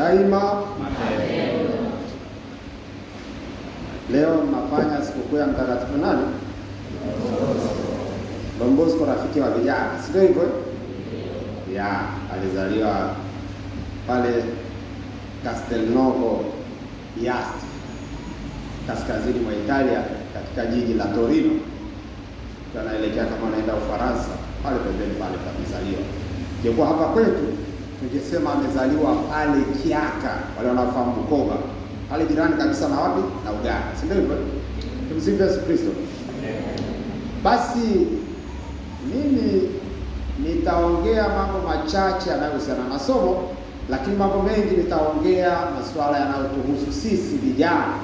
daima Leo mnafanya sikukuu ya mtakatifu nani? Don Bosco, rafiki wa vijana, sivyo hivyo? ya alizaliwa pale Castelnuovo d'Asti kaskazini mwa Italia katika jiji la Torino, anaelekea kama anaenda Ufaransa, pale pembeni pale pamezaliwa, kiokuwa hapa kwetu tujisema amezaliwa pale Kiaka, wale wanaofahamu Bukoba pale jirani kabisa na wapi na Uganda, si ndio hivyo? Tumsifu Yesu Kristo. Basi mimi nitaongea mambo machache yanayohusiana na somo, lakini mambo mengi nitaongea masuala yanayotuhusu sisi vijana,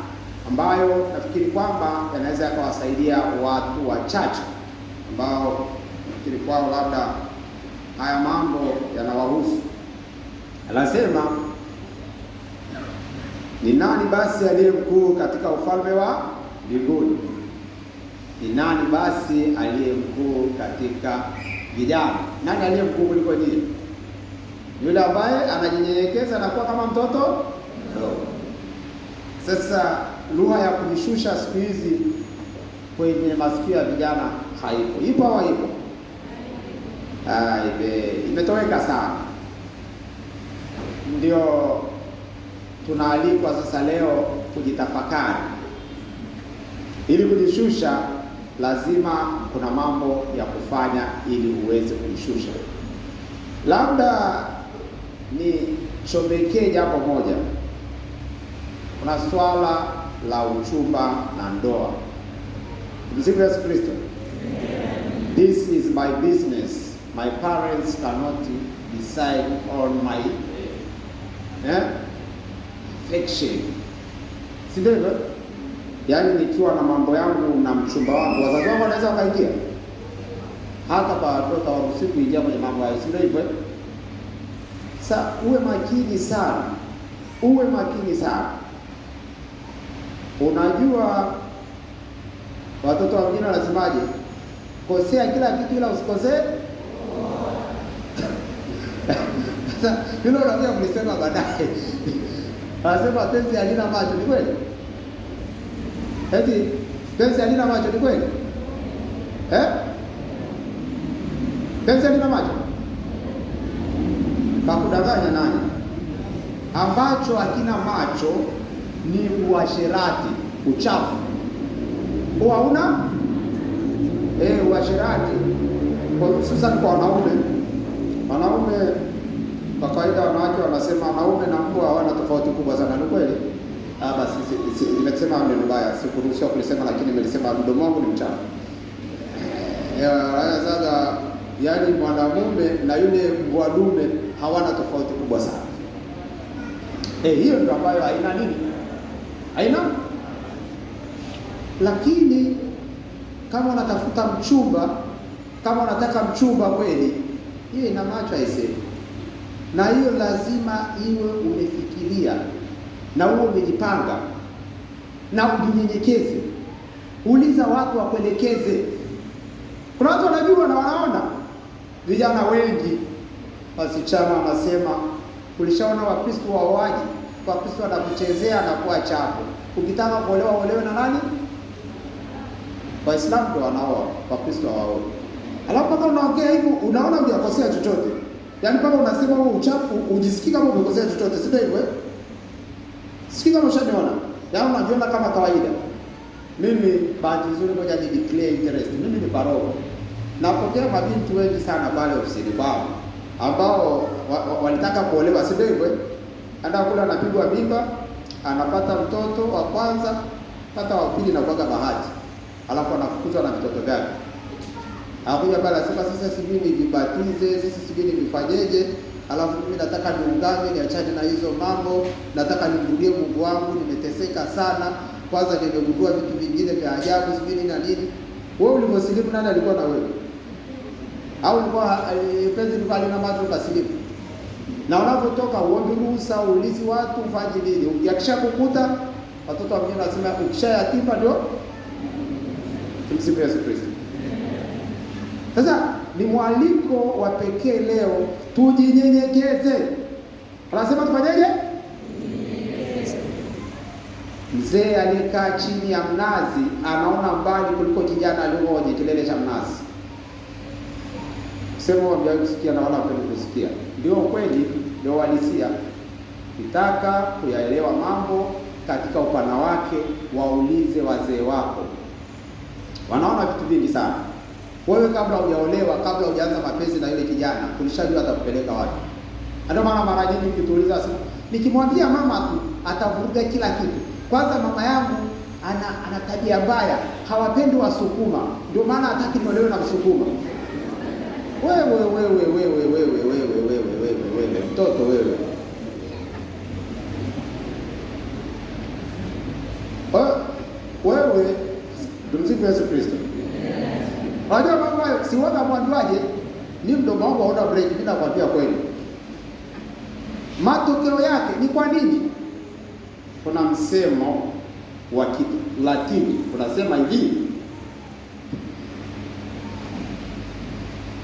ambayo nafikiri kwamba yanaweza yakawasaidia watu wachache ambao nafikiri kwao labda haya mambo yanawahusu. Anasema ni nani basi aliye mkuu katika ufalme wa mbinguni? Ni nani basi aliye mkuu katika vijana? Nani aliye mkuu kuliko nyinyi? Yule ambaye anajinyenyekeza na kuwa kama mtoto no. Sasa lugha ya kujishusha siku hizi kwenye masikio ya vijana haipo, ipo au haipo? Imetoweka sana ndio tunaalikwa sasa leo kujitafakari. Ili kujishusha, lazima kuna mambo ya kufanya ili uweze kujishusha. Labda nichomekee jambo moja. Kuna swala la uchumba na ndoa. Msifu Yesu Kristo. This is my business. My parents cannot decide on my Eh? affection, si ndio Yaani nikiwa na mambo yangu na mchumba wangu, wazazi wangu wanaweza wakaingia, hata kwa watoto waruhusiwi kuingia kwenye mambo hayo, si ndio hivyo? Sa uwe makini sana, uwe makini sana. Unajua watoto wengine wanasemaje? Kosea kila kitu ila usikosee Sasa hilo unakuja kulisema baadaye. Anasema penzi halina macho, ni kweli? Eti penzi halina macho, ni kweli? Eh? Penzi halina macho? Kakudanganya nani? Ambacho hakina macho ni uasherati, uchafu. Huwa una eh, uasherati hususan kwa wanaume. Wanaume kwa kawaida wanawake wanasema wanaume na mbwa hawana tofauti kubwa sana. Ni kweli? Ah, basi nimesema neno mbaya, sikuruhusiwa kulisema, lakini nimelisema, mdomo wangu ni mchafu. Sasa yani mwanamume na yule mbwa dume hawana tofauti kubwa sana. Eh, hiyo ndio ambayo haina nini, haina lakini kama anatafuta mchumba, kama anataka mchumba kweli, hiyo ina macho aisee na hiyo lazima iwe umefikiria na uwe umejipanga na ujinyenyekeze. Uliza watu wakuelekeze. Kuna watu wanajua na wanaona, vijana wengi wasichana wanasema, ulishaona Wakristo wauaji, Wakristo wanakuchezea na kuwa chako, ukitaka kuolewa olewe na nani? Waislamu ndio wanaoa, Wakristo hawaoa. Alafu kama unaongea hivyo, unaona hujakosea chochote Yaani kama unasema wewe uchafu ujisikii kama umekosea chochote, si ndio hivyo? Eh? Sikii kama ushaniona. Yaani unajiona kama kawaida. Mimi bahati nzuri moja ni declare interest. Mimi ni paroko. Napokea mabinti wengi sana pale ofisini kwao ambao wa, wa, walitaka kuolewa, si ndio hivyo? Eh? Anda kula anapigwa mimba, anapata mtoto wa kwanza, hata wa pili na kuaga bahati. Alafu anafukuzwa na vitoto vyake. Anakuja pale anasema sasa sijui nijibatize, sisi sijui nivifanyeje, alafu mimi nataka niungame, niachane na hizo mambo, nataka nimrudie Mungu wangu, nimeteseka sana, kwanza nimegundua vitu vingine vya ajabu, sijui na nini. Wewe ulivyosilimu nani alikuwa na wewe? Au ulikuwa eh, penzi likuwa lina macho ukasilimu? Na unapotoka uombe ruhusa, uulizi watu ufanye nini. Ukikisha kukuta watoto wa mjini wanasema ukisha yatima ndio. Tumsifu Yesu Kristo. Sasa ni mwaliko wa pekee leo tujinyenyekeze. Anasema tufanyeje? Mzee aliyekaa chini ya mnazi anaona mbali kuliko kijana aliyehoji kilele cha mnazi. Sema hamjawahi kusikia na wala hampendi kusikia. Ndio kweli, ndio uhalisia. Kitaka kuyaelewa mambo katika upana wake, waulize wazee wako, wanaona vitu vingi sana wewe kabla hujaolewa, kabla hujaanza mapenzi na yule kijana, kulishajua atakupeleka wapi. Ndio maana mara nyingi mkituuliza sasa, nikimwambia mama tu atavuruga kila kitu. Kwanza mama yangu ana ana tabia mbaya, hawapendi Wasukuma, ndio maana hataki niolewe na Msukuma. Wewe wewe wewe wewe wewe wewe wewe wewe mtoto wewe. Wewe tumsifu Yesu Kristo. Unajua mambo hayo si wewe unamwambiaje? Ni mdomo wangu hauna break, mimi nakwambia kweli. Matokeo yake ni kwa nini? Kuna msemo wa Kilatini unasema hivi,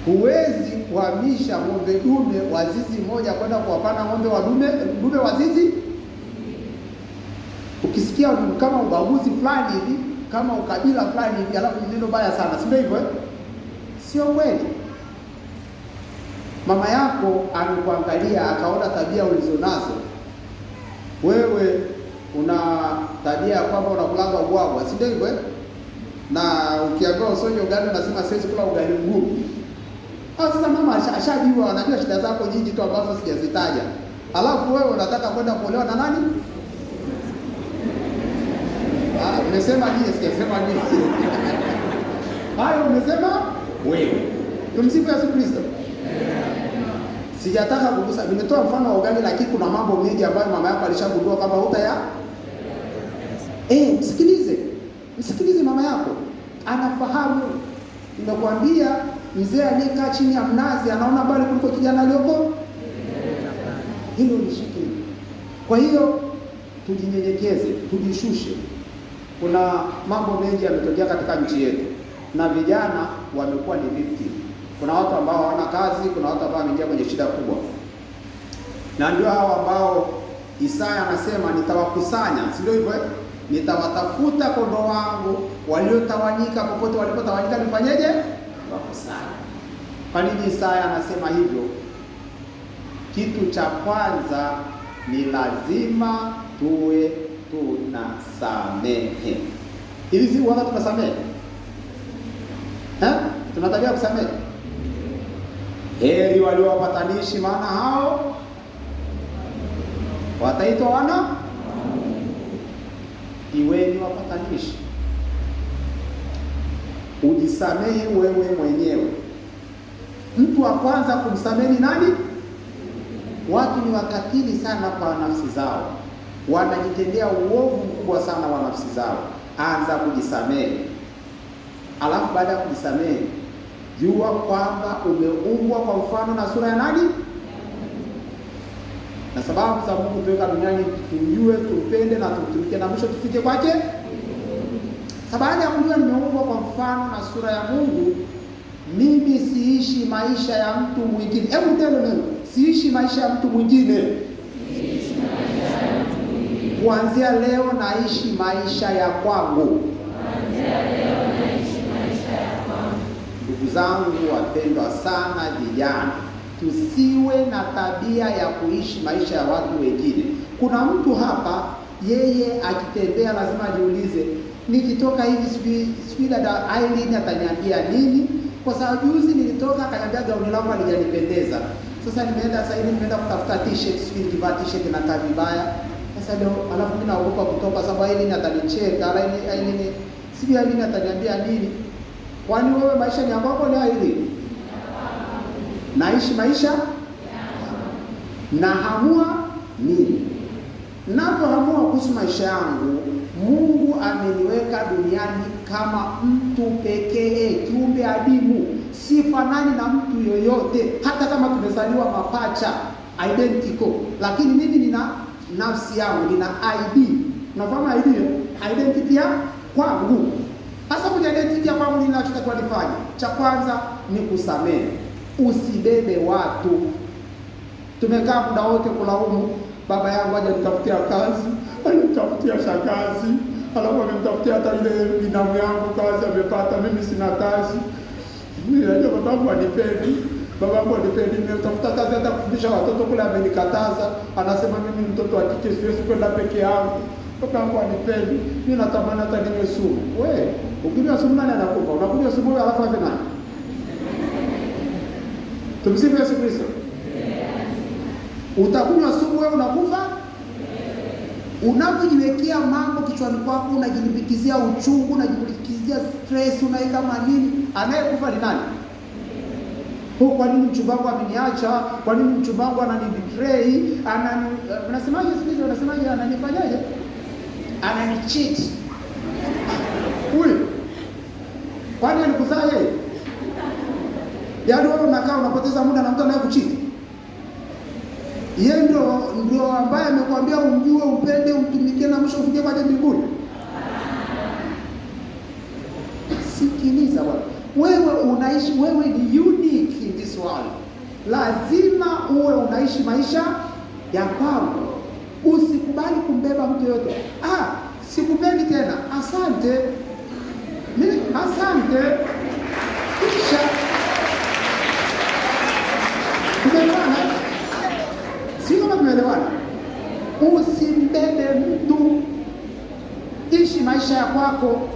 huwezi kuhamisha ng'ombe dume wa zizi moja kwenda kuwapana ng'ombe wa dume dume wa zizi. Ukisikia kama ubaguzi fulani hivi kama ukabila fulani hivi, alafu ni neno baya sana, si hivyo eh? Sio kweli. Mama yako amekuangalia akaona tabia ulizonazo wewe. Una tabia ya kwamba unakulaga ubwabwa, si ndio hivyo eh? na ukiambiwa usonye ugali unasema siwezi kula ugali mgumu. Ah, sasa mama ashajua, anajua shida zako nyingi tu ambazo sijazitaja, alafu wewe unataka kwenda kuolewa na nani? Umesema nini? sijasema nini? Hayo umesema wewe. Tumsifu Yesu Kristo. Sijataka kugusa, nimetoa mfano wa ugali, lakini kuna mambo mengi ambayo mama yako alishagundua kama hutaya. Eh, msikilize. Msikilize mama yako. Anafahamu. Nimekwambia mzee aliyekaa chini ya mnazi anaona bali kuliko kijana aliyoko. Hilo ni shikili. Kwa hiyo tujinyenyekeze, tujishushe. Kuna mambo mengi yametokea katika nchi yetu na vijana wamekuwa ni victim. Kuna watu ambao hawana kazi, kuna watu ambao wameingia kwenye shida kubwa, na ndio hao ambao Isaya anasema nitawakusanya, si ndio hivyo? Nitawatafuta kondoo wangu waliotawanyika, popote walipotawanyika nifanyeje? Wakusanya. Kwa nini Isaya anasema hivyo? Kitu cha kwanza ni lazima tuwe tunasamehe. Hivi si huwaga tunasamehe? Tuna tabia kusamehe? Heri waliowapatanishi, maana hao wataitwa wana. Iweni wapatanishi, ujisamehe wewe mwenyewe. Mtu wa kwanza kumsamehe nani? Watu ni wakatili sana kwa nafsi zao wanajitendea uovu mkubwa sana wa nafsi zao. Anza kujisamehe, alafu baada ya kujisamehe, jua kwamba umeumbwa kwa mfano na sura ya nani, na sababu za Mungu tuweka duniani, tumjue, tumpende na tumtumikie, na mwisho tufike kwake. Sababu ya kujua nimeumbwa kwa mfano na sura ya Mungu, mimi siishi maisha ya mtu mwingine. Hebu tena, siishi maisha ya mtu mwingine Kuanzia leo naishi maisha ya kwangu. Ndugu zangu wapendwa sana vijana, tusiwe na tabia ya kuishi maisha ya watu wengine. Kuna mtu hapa, yeye akitembea lazima ajiulize, nikitoka hivi sijui dada Aileen ataniambia nini, kwa sababu juzi nilitoka akaniambia gauni langu halijanipendeza. Sasa nimeenda sasa hivi nimeenda kutafuta t-shirt, sijui nikivaa t-shirt na vibaya sasa ndio alafu mimi naogopa kutoka sababu hili natanicheka, hili hili sivyo hili nataniambia nini. Kwani wewe maisha ni ambapo ni hili? Naishi maisha na hamua nini? Ninapoamua kuhusu maisha yangu, Mungu ameniweka duniani kama mtu pekee, kiumbe adimu, sifanani na mtu yoyote, hata kama tumezaliwa mapacha identical, lakini mimi nina nafsi yangu, nina ID. Unafahamu ID? Identity ya kwangu. Sasa kwenye identity ya kwangu nini nachotakiwa nifanye? Cha kwanza ni kusamehe, usibebe watu. Tumekaa muda wote kulaumu, baba yangu aje nitafutia kazi, anitafutia shakazi, alafu amemtafutia hata ile binamu yangu kazi amepata, mimi sina kazi, najua baba yangu anipendi baba yangu nimetafuta kazi hata kufundisha watoto kule, amenikataza anasema, mimi mtoto wa kike siwezi kwenda peke yangu. Baba yangu anipendi mimi, natamani hata ninywe sumu. We ukinywa sumu nani anakufa? Unakunywa sumu wewe, alafu afe nani? Tumsifu Yesu Kristo. Utakunywa sumu wewe, unakufa Unapojiwekea mambo kichwani kwako, unajilimbikizia uchungu, unajilimbikizia stress, unaweka manini, anayekufa ni nani? oh, kwa nini mchumba wangu ameniacha? Kwa nini mchumba wangu Anani betray? Anani unasemaje siku hizi, unasemaje, ananifanyaje? Anani Ananicheat huyu, kwani alikuzaa yeye? Yaani wewe unakaa unapoteza muda na mtu anaye anayekuchiti yeye ndio ndio ambaye amekwambia umjue, upende, umtumikie na mwisho ufikie kwake mbinguni. Sikiliza bwana, wewe unaishi, wewe ni unique swali, lazima uwe unaishi maisha ya kwako. Usikubali kumbeba mtu yoyote. Ah, sikubebi tena, asante mimi, asante kisha tumeelewana, si kama tumeelewana. Usimbebe mtu, ishi maisha ya kwako.